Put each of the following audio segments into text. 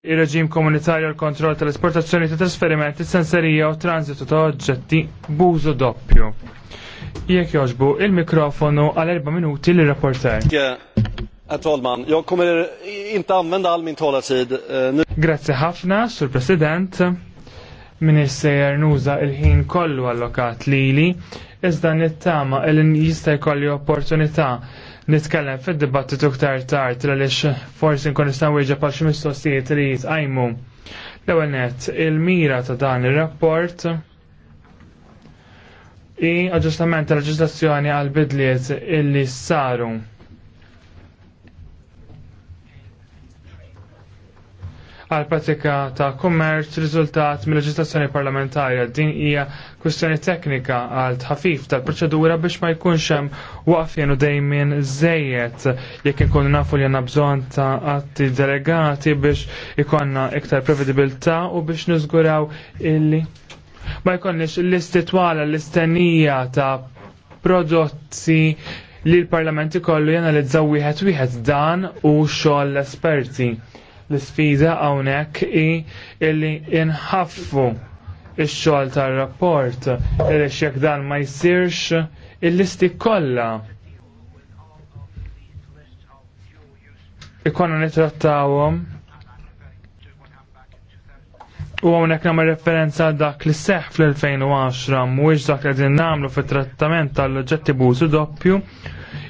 il-reġim komunitarju l kontroll tal-esportazzjoni ta' trasferimenti, senserija u transitu ta' oġġetti bużu doppju. Jekk joġbu il-mikrofonu għal erba' minuti l rapporter Herr jag kommer inte använda all min talartid eh, Grazie ħafna, sur president. Minister nuza il-ħin kollu allokat lili, iżda nittama il-jista jkolli opportunità nitkellem fid-dibattitu ktar tard għaliex forsi nkun nistgħu weġġa' għal xi mistoqsijiet li jitqajmu. L-ewwel nett, il-mira ta' dan ir-rapport i aġġustament tal-leġislazzjoni għal bidliet illi saru. għal pratika ta' kummerċ riżultat mill leġislazzjoni parlamentarja. Din hija kwistjoni teknika għal tħafif tal-proċedura biex ma jkunx hemm waqfien u dejmin żejjed jekk inkunu nafu li għandna bżonn ta' atti delegati biex ikonna iktar prevedibilità u biex niżguraw illi ma jkollniex l-istitwala l-istennija ta' prodotti li l-Parlament ikollu jenalizzaw wieħed wieħed dan u xogħol l-esperti. L-sfida hawnhekk hi illi inħaffu ix-xogħol tar-rapport illi jekk dan ma jsirx il-listi kollha ikonna nitrattawhom U għonek namma referenza dak li seħ fl-2010 mhuwiex dak li għedin namlu fit trattament tal-ġetti bużu doppju,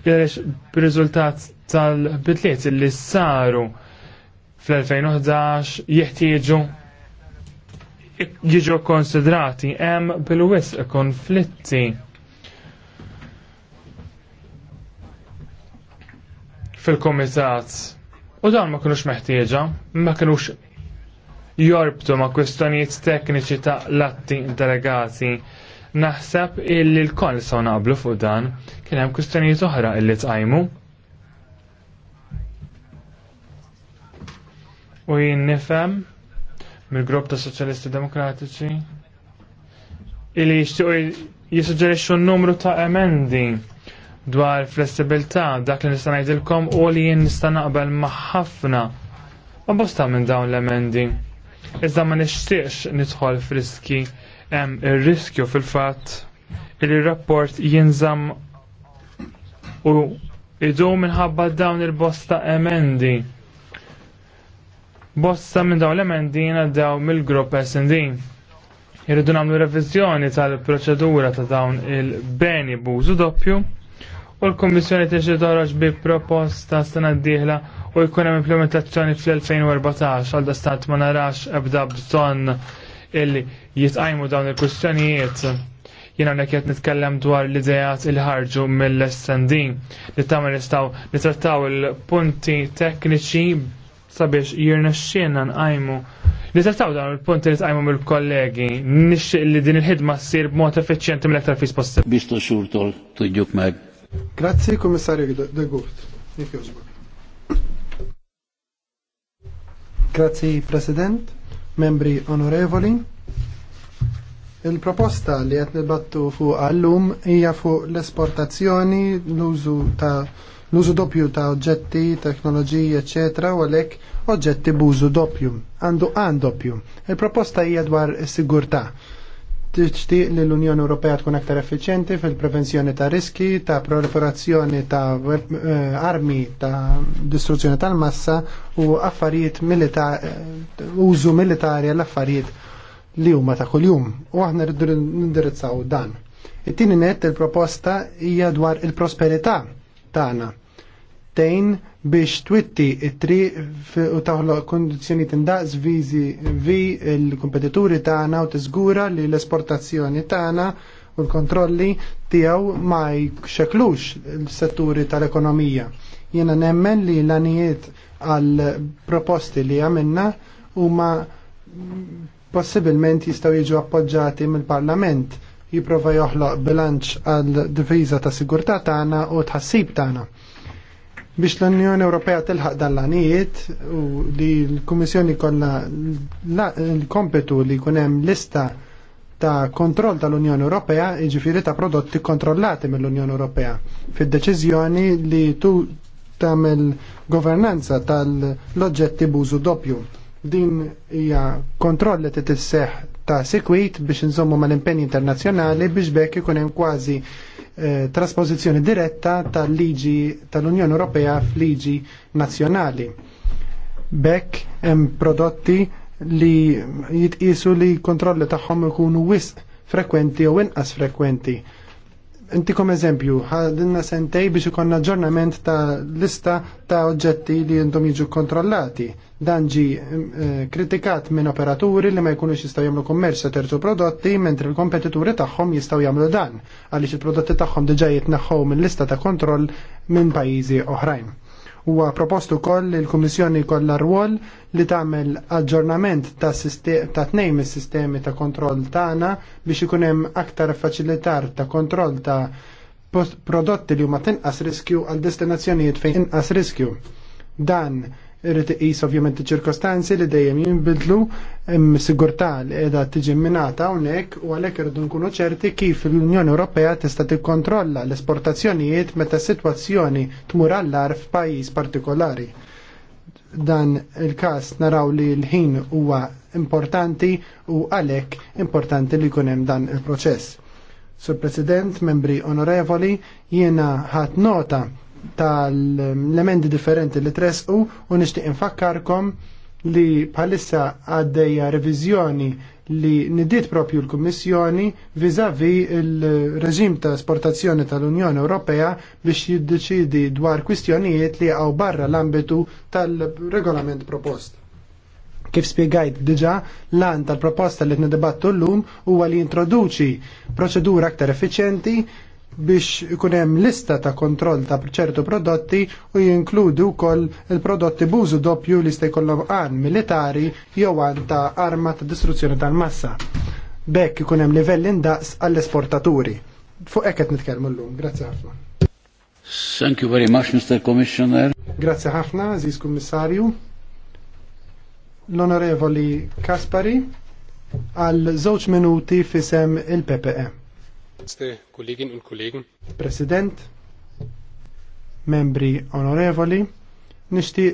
jgħalix b'riżultat tal-bidliet li saru fl-2011 jeħtieġu jiġu konsidrati hemm bil-wisq konflitti fil-komitat u dan ma kienux meħtieġa, ma kinux jorbtu ma kwistjonijiet tekniċi ta' latti delegati. Naħseb illi l-koll saw naqblu fuq dan kien hemm kwistjonijiet oħra illi tqajmu U jien nifhem mill-grupp ta' Soċjalisti Demokratiċi illi jixtiequ jissuġġerixxu n-numru ta' emendi dwar flessibilità dak li nista' ngħidilkom u li jien nista' naqbel ma' ħafna ma' bosta minn dawn l-emendi. Iżda ma nixtieqx nidħol friski hemm ir-riskju fil-fatt r rapport jinżam u idu minħabba dawn il-bosta emendi Bossa minn dawn l-emendi daw mill-grupp SD. Irridu nagħmlu reviżjoni tal-proċedura ta' dawn il-beni bużu doppju u l komissjoni tiġi toroġ bi proposta sena d-dieħla u jkun hemm implementazzjoni fl-2014 għal stat ma narax ebda bżonn illi jitqajmu dawn il-kwistjonijiet. Jiena hawnhekk qed nitkellem dwar l-idejat il ħarġu mill-SND li tagħmel nistgħu nitrattaw il-punti tekniċi sabiex jirna xienna nqajmu. Nisertaw dan il-punti li tqajmu mill-kollegi, nixtieq li din il-ħidma ssir b'mod effiċjenti mill-aktar fis possibbli. Biex xur tol tuġġuk meg. Grazzi, Kummissarju de Gurt. Grazzi, President, membri onorevoli. Il-proposta li qed nibattu fuq għallum hija fuq l-esportazzjoni, l-użu ta' l-użu doppju ta' oġġetti, teknoloġiji, ecc. u għalhekk oġġetti b'użu doppju, għandu għan doppju. Il-proposta hija dwar is-sigurtà. Tixtieq li l-Unjoni Ewropea tkun aktar effiċjenti fil-prevenzjoni ta' riski, ta' proliferazzjoni ta' eh, armi ta' distruzzjoni tal-massa u affarijiet militari, eh, użu militari għall-affarijiet li huma ta' kuljum u aħna rridu nindirizzaw dan. It-tieni net il-proposta hija dwar il-prosperità tagħna tejn biex twitti it-triq u taħloq kondizjoni tindaqs viżi vi l-kompetituri tagħna u tiżgura li l-esportazzjoni tagħna u l-kontrolli tiegħu ma jxeklux l-setturi tal-ekonomija. Jiena nemmen li l-anijiet għal proposti li għamilna huma possibilment jistgħu jiġu appoġġati mill-Parlament jipprova joħloq bilanċ għal diviża ta' sigurtà tagħna u tħassib tagħna biex l-Unjoni Ewropea tilħaq dan l-għanijiet u li l-Kummissjoni kollha l-kompetu li jkun hemm lista ta' kontroll tal-Unjoni Ewropea, jiġifieri ta' prodotti kontrollati mill-Unjoni Ewropea. Fid-deċiżjoni li tu tagħmel governanza tal-oġġetti bużu doppju. Din hija kontroll li t ta' sekwit biex inżommu mal-impenni internazzjonali biex bekk ikun hemm kważi Eh, trasposizzjoni diretta tal-liġi tal-Unjoni Ewropea f'liġi nazzjonali. Bekk hemm prodotti li jitqisu li kontrolli tagħhom ikunu wisq frekwenti u inqas frekwenti Intikom eżempju, ħadinna sentej biex ikon aġġornament ta' lista ta' oġġetti li jintom jiġu kontrollati. Dan ġi mm, eh, kritikat minn operaturi li ma jkunux jistaw jagħmlu kummerċ ta' terzu prodotti, mentri l-kompetituri tagħhom jistaw jagħmlu dan, għaliex il-prodotti tagħhom diġà jitnaħħu minn lista ta' kontroll minn pajjiżi oħrajn. Huwa propostu koll li l-Kummissjoni kollha rwol li tagħmel aġġornament ta' ta' tnejn mis-sistemi ta' kontroll tagħna biex ikun hemm aktar faċilitar ta' kontroll ta' prodotti li huma tinqas riskju għal destinazzjonijiet fejn inqas riskju. Dan irrid iqis ovvjament iċ-ċirkostanzi li dejjem jinbidlu sigurtà li qiegħda tiġi minata hawnhekk u għalhekk irridu nkunu ċerti kif l-Unjoni Ewropea tista' tikkontrolla l-esportazzjonijiet meta s-sitwazzjoni tmur għall-ar f'pajjiż partikolari. Dan il-każ naraw li l-ħin huwa importanti u għalhekk importanti li jkun hemm dan il-proċess. Sur President, membri onorevoli, jiena ħadd nota tal-elementi differenti li tresqu u nixtieq infakkarkom li bħalissa għaddejja reviżjoni li nidiet propju l-Kummissjoni vizavi il-reġim ta' esportazzjoni tal-Unjoni Ewropea biex jiddeċidi dwar kwistjonijiet li għaw barra l-ambitu tal-regolament propost. Kif spiegajt diġa, lan tal-proposta li t nedibattu l-lum huwa li introduċi proċedura aktar effiċenti biex ikun hemm lista ta' kontroll ta' ċertu prodotti u jinkludu wkoll il-prodotti bużu doppju li jista' jkollhom għan militari jew għan ta' arma ta' distruzzjoni tal-massa. Bekk ikun hemm livell indaqs għall-esportaturi. Fuq eket qed nitkellmu llum. Grazzi ħafna. Thank you very much, Mr. Commissioner. Grazzi ħafna, Aziz Kummissarju. L-Onorevoli Kaspari għal żewġ minuti fisem il-PPE. President, membri onorevoli, nishti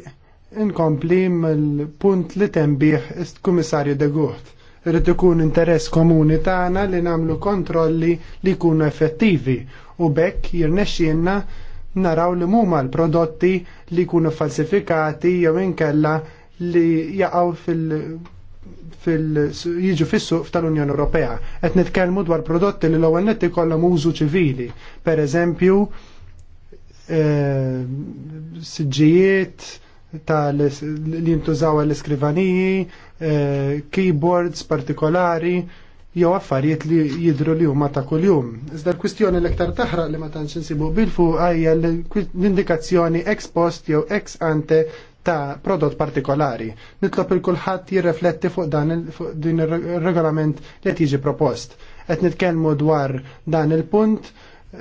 inkompli mill-punt li tembih ist-Kummissarju de Gucht. Irrid ikun interess komuni tagħna li nagħmlu kontrolli li jkunu effettivi u bekk jirnexxielna naraw li huma l-prodotti li jkunu falsifikati jew inkella li jaqgħu fil jiġu fis-suq tal-Unjoni Ewropea. Qed nitkellmu dwar prodotti li l-ewwel nett ikollhom użu ċivili, pereżempju eh, siġġijiet li jintużaw għall iskrivaniji eh, keyboards partikolari, jew affarijiet li jidru li huma ta' kuljum. Iżda l-kwistjoni l-iktar taħraq li ma tantx insibu bil-fuq hija l-indikazzjoni ex post jew ex ante ta' prodott partikolari. Nitlob il-kulħadd jirrefletti fuq dan il din ir-regolament li tiġi propost. Qed nitkellmu dwar dan il-punt,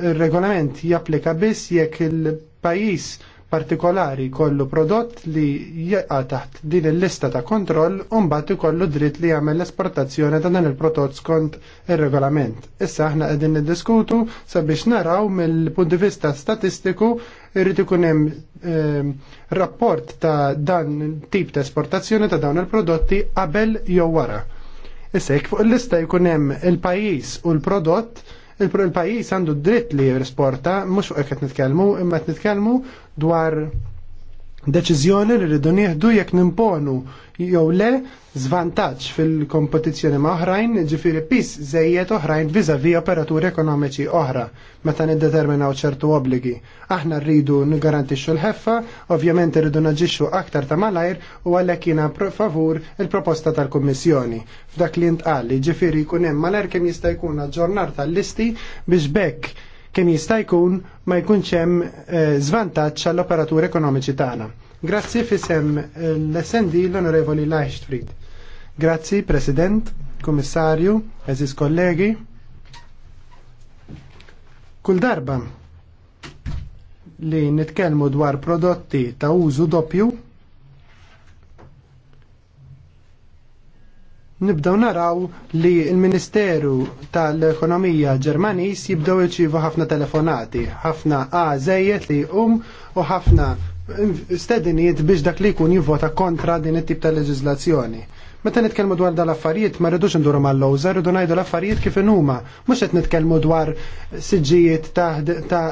ir-regolament japplika biss jekk il-pajjiż partikolari kollu prodott li jaqa taħt din il-lista ta' kontroll u mbagħad ikollu dritt li jagħmel l-esportazzjoni ta' dan il-prodott skont ir-regolament. Issa aħna qegħdin niddiskutu sabiex naraw mill-punt di vista statistiku irrid ikun hemm ehm, rapport ta' dan tip ta' esportazzjoni ta' dawn il-prodotti qabel jew wara. Issa jekk fuq il-lista jkun hemm il-pajjiż u l-prodott il pajjiż għandu dritt li jirsporta, mhux fuq qed nitkellmu, imma qed nitkellmu dwar Deċiżjoni li rridu nieħdu jekk nimponu jew le zvantaġġ fil-kompetizzjoni ma' oħrajn, ġifiri pis żejjed oħrajn viżavi operaturi ekonomiċi oħra meta niddeterminaw ċertu obbligi. Aħna rridu nigarantixxu l-ħeffa, ovvjament irridu naġixxu aktar ta' malajr u għalhekk jiena favur il-proposta tal-Kummissjoni. F'dak li ntqal, jiġifieri jkun hemm malajr kemm jista' jkun aġġornar tal-listi biex bekk kemm jista' jkun ma jkunx hemm żvantaġġ eh, għall operatur ekonomiċi tagħna. Grazzi fisem eh, l-SND l-Onorevoli Leichtfried. Grazzi, President, Kommissarju, eżis kollegi. Kull darba li nitkellmu dwar prodotti ta' użu doppju, nibdaw naraw li il-Ministeru tal-Ekonomija Ġermanis jibdaw iċivu ħafna telefonati, ħafna A li um u ħafna stedinijiet biex dak li jkun jivvota kontra din it-tip ta' leġislazzjoni. Meta nitkellmu dwar dal-affarijiet ma rridux nduru mal-lowza, rridu ngħidu l-affarijiet kif inhuma. Mhux qed nitkellmu dwar siġijiet ta'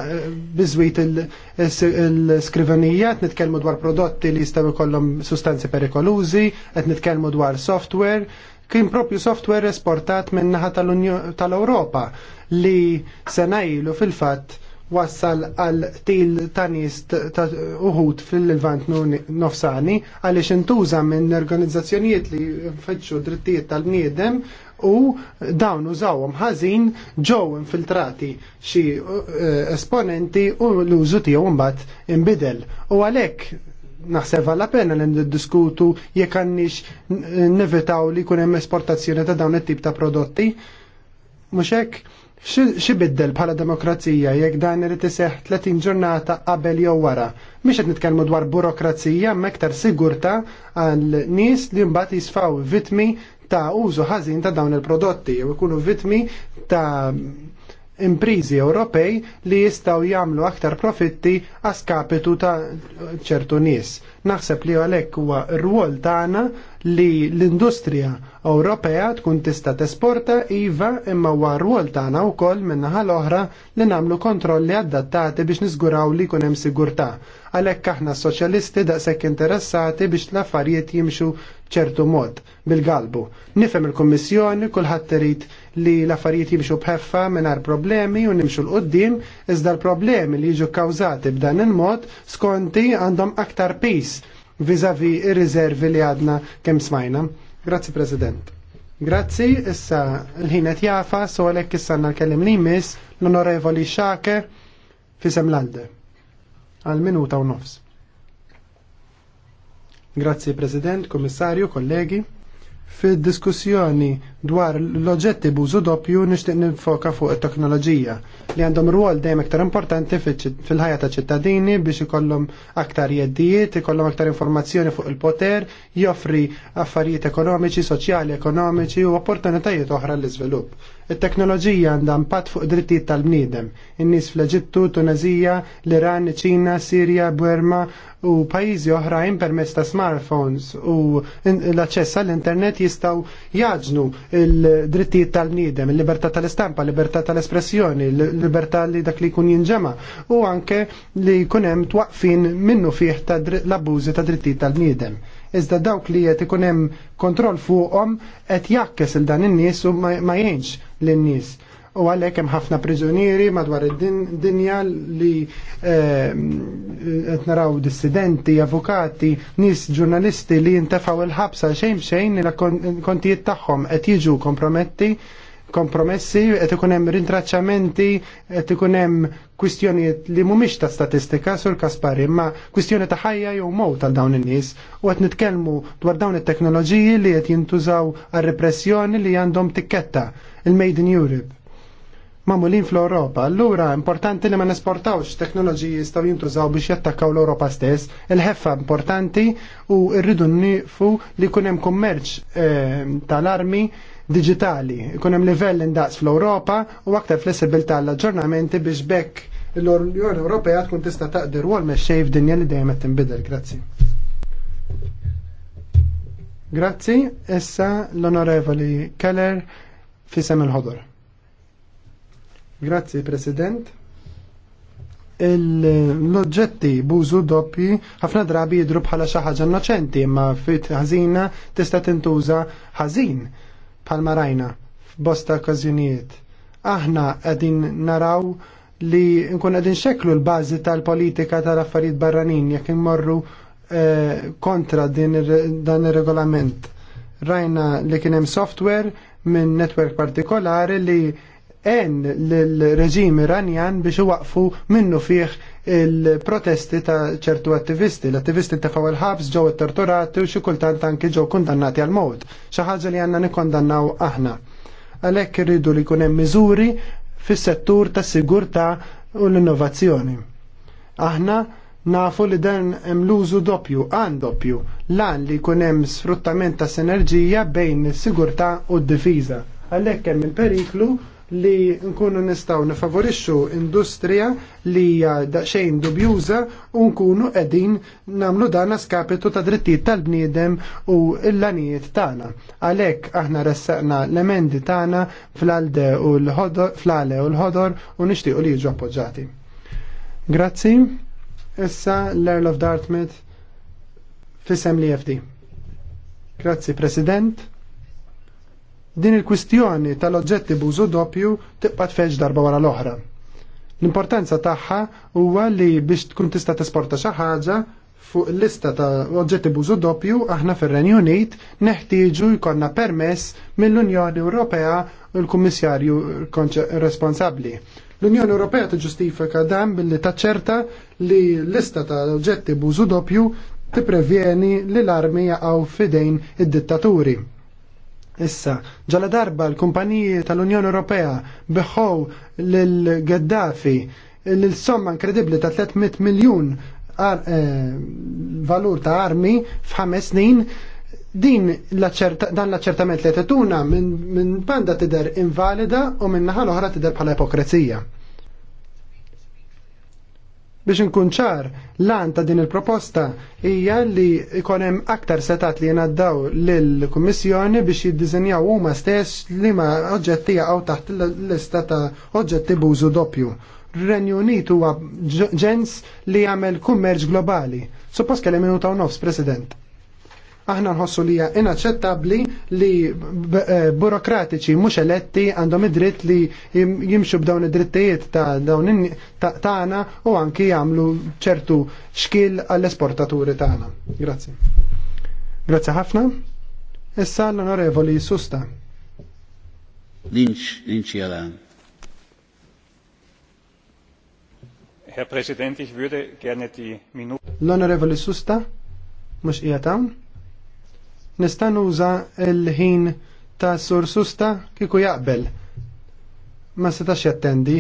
biżwit il-skrivenija, qed nitkellmu dwar prodotti li jistgħu jkollhom sustanzi perikolużi, qed nitkellmu dwar software, kien propju software esportat min-naħa tal-Ewropa li se ngħidu fil-fatt wassal għal til tanist ta' uħut fil-Levant nofsani għaliex intuża minn organizzazzjonijiet li fetxu drittijiet tal-bniedem u dawn użawhom ħażin ġew infiltrati xi eh, esponenti u l-użu tiegħu mbagħad inbidel. U għalhekk naħseb għal pena li niddiskutu jekk għandix nevitaw li jkun hemm esportazzjoni ta' dawn it-tip ta' prodotti Mhux hekk xi biddel bħala demokrazija jekk dan irid iseħħ 30 ġurnata qabel jew wara. Mhix qed nitkellmu dwar burokrazija mektar sigurta għal nies li mbagħad jisfaw vitmi ta' użu ħażin ta' dawn il-prodotti jew ikunu vitmi ta' imprizi Ewropej li jistgħu jagħmlu aktar profitti skapitu ta' ċertu nies. Naħseb li għalhekk huwa r-rwol tagħna li l-industrija Ewropea tkun tista' tesporta iva imma huwa rwol tagħna wkoll min-naħa l-oħra li nagħmlu kontrolli adattati biex niżguraw li jkun hemm sigurtà. Għalhekk aħna soċjalisti daqshekk interessati biex l-affarijiet jimxu ċertu mod bil-galbu. Nifhem il-Kummissjoni kulħadd irid li l-affarijiet jimxu bħeffa mingħajr problemi u nimxu l-qoddim iżda l-problemi li jiġu kawzati b'dan il-mod skonti għandhom aktar pis vizavi ir rizervi li għadna kemm smajna. Grazzi President. Grazzi, issa l-ħinet jafa, so għalek issa nal-kellim li mis l-onorevoli xake fisem l-alde. Għal-minuta u nofs. Grazzi President, Komissarju, kollegi. Fid-diskussjoni Dwar l-oġġetti b'użu doppju nixtieq nifoka fuq it-teknoloġija li għandhom rwol dejjem aktar importanti fil-ħajja ta' ċittadini biex ikollhom aktar jeddijiet, ikollhom aktar informazzjoni fuq il-poter, joffri affarijiet ekonomiċi, soċjali ekonomiċi u opportunitajiet oħra l-iżvilupp. It-teknoloġija għandha impatt fuq drittijiet tal-bniedem. In-nies fl-Eġittu, Tunezija, l-Iran, Ċina, Sirja, Burma u pajjiżi oħrajn permezz ta' smartphones u l-aċċess għall-internet jistgħu jaġnu il-drittijiet tal nidem il-libertà tal-istampa, il-libertà tal-espressjoni, il-libertà li dak li jkun jinġema u anke li jkun hemm twaqfin minnu fih ta' l-abbużi ta' drittijiet tal nidem Iżda dawk li qed ikun hemm kontroll fuqhom qed jakkes il dan in-nies u ma jgħinx lin-nies u għalhekk hemm ħafna priżunieri madwar id-dinja li ehm, qed naraw dissidenti, avukati, nies ġurnalisti li jintefgħu il-ħabsa xejn xejn il-kontijiet tagħhom qed jiġu komprometti kompromessi, qed ikun hemm rintraċċamenti, qed ikun hemm kwistjonijiet li mhumiex ta' statistika sur Kaspari, imma kwistjoni ta' ħajja jew mowt għal dawn in-nies u qed nitkellmu dwar dawn it-teknoloġiji li qed jintużaw għar repressjoni li għandhom tikketta il-Made in Europe mamulin fl-Europa. Allura importanti li ma nesportawx teknoloġiji jistaw jintużaw biex jattakkaw l-Europa stess. Il-ħeffa importanti u rridu nifu li kunem kummerċ eh, tal-armi digitali. Kunem livell indaqs fl-Europa u aktar flessibil tal aġġornamenti biex bekk l-Unjoni Ewropea tkun tista' taqdir wol xejf f'dinja li dejjem qed tinbidel. Grazzi. Grazzi, issa l-Onorevoli Keller fisem il-ħodor. Grazzi President. L-oġġetti bużu doppi ħafna drabi jidru bħala xi ħaġa innoċenti imma fit ħażina tista' tintuża ħażin bħalma rajna f'bosta okkażjonijiet. Aħna qegħdin naraw li nkun qegħdin xeklu l-bażi tal-politika tal-affarijiet barranin jekk immorru eh, kontra dan ir-regolament. Rajna li kien hemm software minn netwerk partikolari li en l-reġim iranjan biex waqfu minnu fih il-protesti ta' ċertu attivisti. L-attivisti tefaw il-ħabs ġew it-torturati u xi kultant anki ġew kundannati għal mod Xi ħaġa li għandna nikkondannaw aħna. Għalhekk irridu li jkun hemm miżuri fis-settur tas-sigurtà u l-innovazzjoni. Aħna nafu li dan hemm l-użu doppju, għan doppju, lan li jkun hemm sfruttament ta' sinerġija bejn is-sigurtà u d-difiża. Għalhekk hemm il-periklu li nkunu nistaw nifavorixxu industrija li hija daqsxejn dubjuża u nkunu qegħdin nagħmlu dan skapitu ta' drittijiet tal-bniedem u l-lanijiet tagħna. Għalhekk aħna ressaqna l-emendi tagħna fl-alde u l-ħodor fl-ale u l-ħodor u nixtiequ li jiġu appoġġati. Grazzi. Issa l-Earl of Dartmouth fisem li FD. Grazzi President Din il-kwistjoni tal-oġġetti bużu doppju tibqa' tfeġ darba wara l-oħra. L-importanza tagħha huwa li biex tkun tista' tesporta xi ħaġa fuq lista ta' oġġetti bużu doppju aħna fir-Renju Unit neħtieġu jkollna permess mill-Unjoni Ewropea u l-Kummissarju responsabbli. L-Unjoni Ewropea tiġġustifika dan billi taċċerta li lista ta' oġġetti bużu doppju tipprevjeni li l-armi jaqgħu fidejn id-dittaturi. Issa, ġala darba l-kumpaniji tal-Unjoni Ewropea beħħow l-Gaddafi l-somma inkredibli ta' 300 miljun eh, valur ta' armi f'ħames snin din dan l-aċċertament li tetuna minn banda tider invalida u minn naħal oħra tider bħala ipokrezija. Biex nkun ċar, lan ta' din il-proposta hija li ikonem hemm aktar setat li jenaddaw lill-Kummissjoni biex jiddiżenjaw huma stess li ma oġġetti għaw taħt l-lista ta' oġġetti bużu doppju. Renju Unit huwa ġens li jagħmel kummerġ globali. Suppost kelli minuta u nofs, President. Aħna nħossu li hija inaċċettabbli li eh, burokratiċi mhux eletti għandhom id-dritt li jimxu b'dawn id-drittijiet ta' dawn tagħna u anki jagħmlu ċertu xkil għall-esportaturi tagħna. Grazzi. Grazzi ħafna. Issa l-onorevoli Susta. Linċ, linċ Herr Präsident, ich würde gerne die Minute. L'onorevoli Susta, mux ijatawn? Nista' nuża l-ħin ta' sursusta kiku kieku jaqbel. Ma setax jattendi.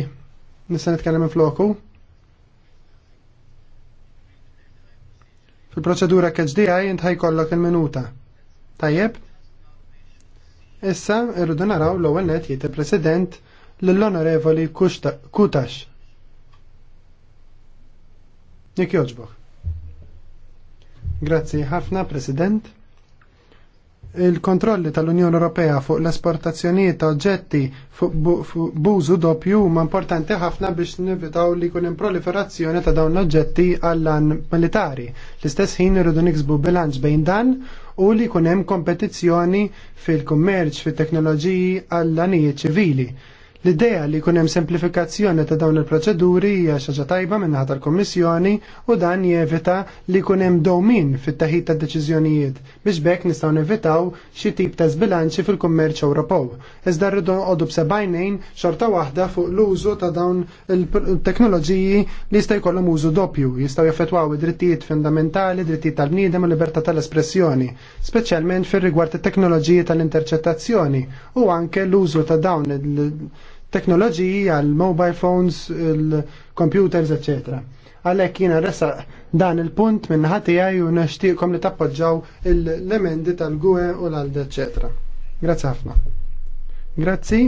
Nista' nitkellem floku. Fil-proċedura KHDI int ħajkollok il-minuta. Tajjeb? Issa irridu naraw l-ewwel net jiet il-President lill-Onorevoli Kutax. Jekk joġbok. Grazzi ħafna, President il-kontrolli tal-Unjoni Ewropea fuq l-esportazzjonijiet ta' oġġetti fuq bużu doppju huma importanti ħafna biex nivitaw li jkun hemm proliferazzjoni ta' dawn l-oġġetti għall-an militari. L-istess ħin irridu niksbu bilanċ bejn dan u li jkun hemm kompetizzjoni fil-kummerċ, fit-teknoloġiji għall-anijiet ċivili. L-idea li jkun hemm semplifikazzjoni ta' dawn il-proċeduri hija xaġa tajba minnaħa tal-Kommissjoni u dan jevita li jkun hemm dowmin fit-taħid ta' deċiżjonijiet biex bekk nistgħu nevitaw xi tip ta' zbilanċi fil-kummerċ Ewropew. Iżda rridu nqogħdu b'sebajnejn xorta waħda fuq l-użu ta' dawn il-teknoloġiji li jista' jkollhom użu doppju, jistgħu jaffettwaw id-drittijiet fundamentali, drittijiet tal-bniedem u libertà tal-espressjoni, speċjalment fir-rigward it-teknoloġiji tal-interċettazzjoni u anke l-użu ta' dawn il-jod teknoloġiji għal mobile phones, il-computers, etc. Għalhekk jiena resaq dan il-punt minn għaj u nixtieqkom li tappoġġaw l-emendi tal-gwe u l għalda etc. Grazzi ħafna. Grazzi.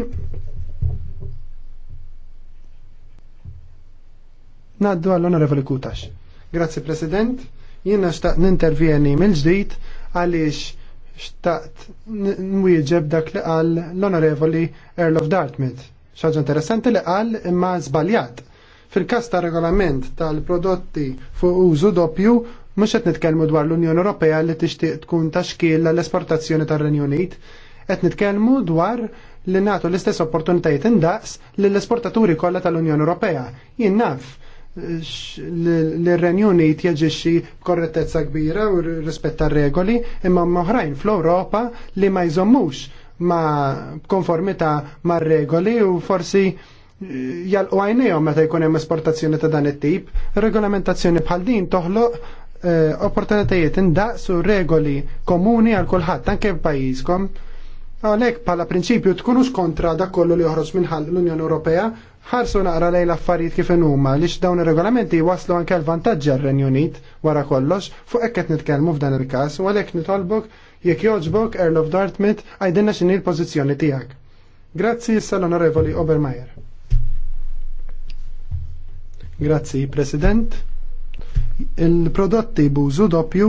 Naddu għall-Onorevoli Kutax. Grazzi President, jiena xtaqt n-intervjeni mill-ġdid għaliex xtaqt nwieġeb dak li qal l-Onorevoli Earl of Dartmouth xaġa interessanti li qal imma żbaljat. Fil-każ ta' regolament tal-prodotti fuq użu doppju mhux qed nitkellmu dwar l-Unjoni Ewropea li tixtieq tkun ta' xkiel l-esportazzjoni tar-Renju Unit. Qed nitkellmu dwar li nagħtu l-istess opportunitajiet indaqs lill-esportaturi kollha tal-Unjoni Ewropea. Jien naf eh, r renju Unit jaġixxi b'korrettezza kbira u rispetta regoli imma m-moħrajn fl-Ewropa li ma jżommux ma' konformita ma' regoli u forsi eh, jalqu għajnejhom meta jkun hemm esportazzjoni ta' dan it-tip. Regolamentazzjoni bħal din toħloq eh, opportunitajiet indaqsu regoli komuni għal kulħadd anke f'pajjiżkom. Għalhekk bħala prinċipju tkunu kontra dak kollu li joħroġ minn l-Unjoni Ewropea ħarsu naqra lejn l-affarijiet kif huma li dawn ir-regolamenti waslu anke l-vantaġġi għar-Renju Unit wara kollox fuq hekk qed nitkellmu f'dan il-każ u għalhekk nitolbok Jekk joġbok, Earl of Dartmouth, għajdinna xin l-pozizjoni tijak. Grazzi sal-onorevoli Obermeier. Grazzi, President. Il-prodotti bużu doppju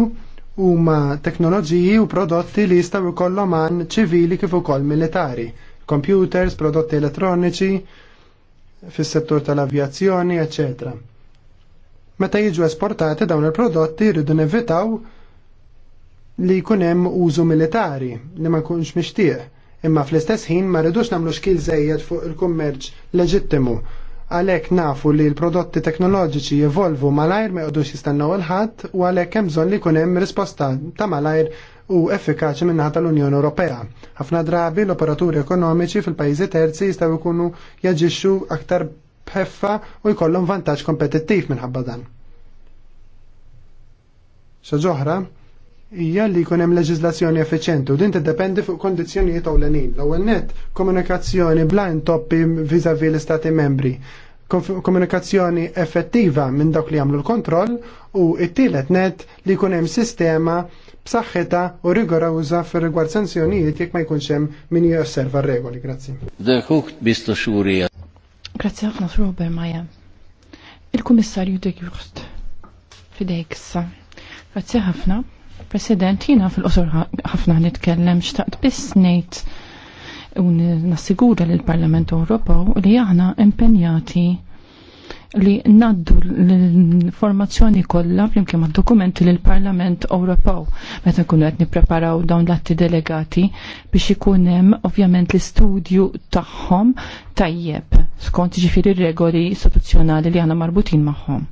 huma teknoloġiji u prodotti li jistgħu jkollhom għan ċivili kif ukoll militari, computers, prodotti elettroniċi, fis-settur tal-avjazzjoni, eccetera. Meta jiġu esportati dawn il-prodotti jridu nevitaw li jkun hemm użu militari li ma jkunx mixtieq. Imma fl-istess ħin ma rridux nagħmlu xkil żejjed fuq il-kummerċ leġittimu. Għalhekk nafu li l-prodotti teknoloġiċi jevolvu malajr ma jqogħdux jistennew il-ħadd u għalhekk hemm bżonn li jkun hemm risposta ta' malajr u effikaċi minnaħa tal-Unjoni Ewropea. Ħafna drabi l-operaturi ekonomiċi fil-pajjiżi terzi jistgħu jkunu jaġixxu aktar bħeffa u jkollhom vantaġġ kompetittiv minħabba dan. Xi ġoħra, hija li jkun hemm leġiżlazzjoni effiċjenti u din tiddependi fuq kondizzjonijiet ewlenin. L-ewwel nett komunikazzjoni bla intoppi vis l-istati membri komunikazzjoni effettiva minn dawk li jagħmlu l-kontroll u it-tielet net li jkun hemm sistema b'saħħitha u rigorawża fir rigward sanzjonijiet jekk ma jkunx hemm min josserva r-regoli. Grazzi. Grazzi ħafna Robert Maja. Il-Kummissarju de Jurst fidejk issa. Grazzi ħafna. President, jina fil-qosor ħafna nitkellem xtaqt biss ngħid u nassigura lill parlament Ewropew li aħna impenjati li naddu l-informazzjoni kollha flimkien mad-dokumenti lil parlament Ewropew meta nkunu qed nippreparaw dawn l-atti delegati biex ikun hemm ovvjament l-istudju tagħhom tajjeb skont ġifieri regoli istituzzjonali li għandna marbutin magħhom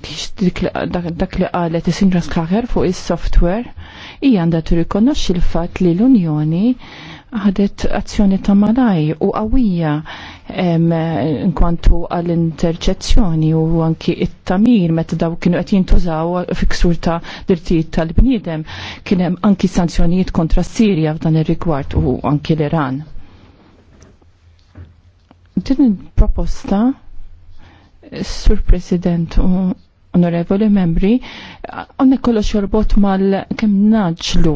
biex dak li qalet is-Sindra skaħer fuq is-software hija għandha tirrikonoxxi l-fatt li l-Unjoni ħadet azzjoni ta' malaj u qawwija nkwantu għall-interċezzjoni u anki it-tamir meta daw kienu qed jintużaw fiksur ta' dirtijiet tal-bniedem kien hemm anki sanzjonijiet kontra Sirja f'dan ir-rigward u anki l-Iran. Din il-proposta Sur President u onorevoli membri, għanne kollox jorbot mal kem naġlu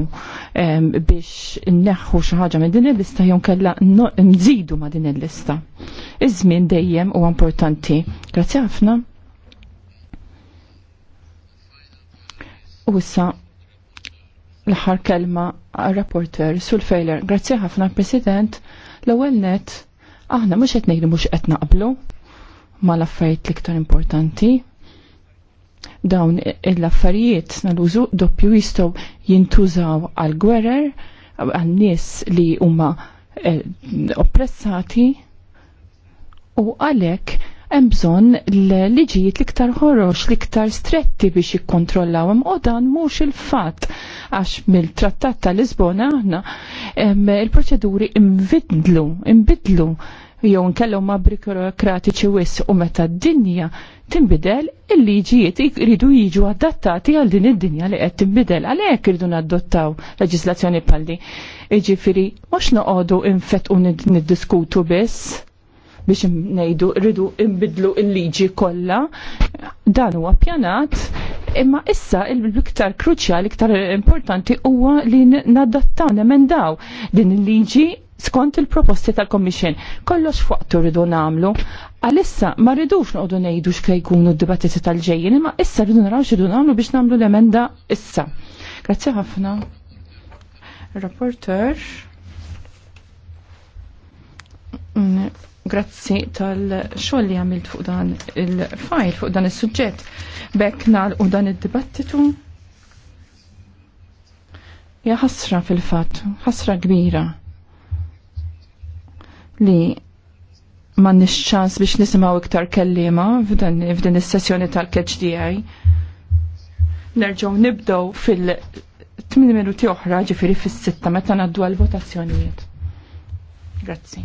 biex neħu xaħġa minn din il-lista jom kella nżidu ma din il-lista. Iż-żmien dejjem u importanti. Grazzi ħafna. U issa l-ħar kelma rapporter sul-fejler. Grazzi ħafna, President. L-ewwel net, aħna mhux qed ngħidu mhux qed naqblu mal affarijiet l importanti Dawn l-affarijiet nal-użu doppju jistgħu jintużaw għal gwerer għal nies li huma eh, oppressati u għalhekk hemm bżonn l-liġijiet l-iktar ħorox, l-iktar stretti biex jikkontrollawhom u dan mhux il-fatt għax mill-Trattat tal Lisbona aħna il-proċeduri imbidlu, imbidlu jew nkellu ma birokratiċi wis u meta d-dinja tinbidel il-liġijiet iridu jiġu adattati għal din id-dinja li qed tinbidel għalhekk iridu nadottaw leġislazzjoni palli. Iġifieri mhux noqogħdu infett u niddiskutu biss biex ngħidu rridu nbidlu il-liġi kollha dan huwa pjanat imma issa l-iktar kruċjali, iktar importanti huwa li nadattaw, nemendaw din il-liġi skont il-proposti tal-Commission, kollox fuqtu rridu namlu, għalissa ma rridux noqdu nejdu xkaj jkunu d-dibattiti tal-ġejjin, imma issa rridu naraw xridu namlu biex namlu l-emenda issa. Grazzi ħafna. Rapporter. Mm, grazzi tal-xogħol li għamilt fuq dan il-fajl, fuq dan is-suġġett. Bekk nagħlqu dan id-dibattitu. Ja ħasra fil-fatt, ħasra kbira li ma ċans biex nisimaw iktar kellima f'din is-sessjoni tal-KHDI. Nerġgħu nibdow fil-8 minuti oħra ġifieri fis-sitta meta ngħaddu għal votazzjonijiet Grazzi.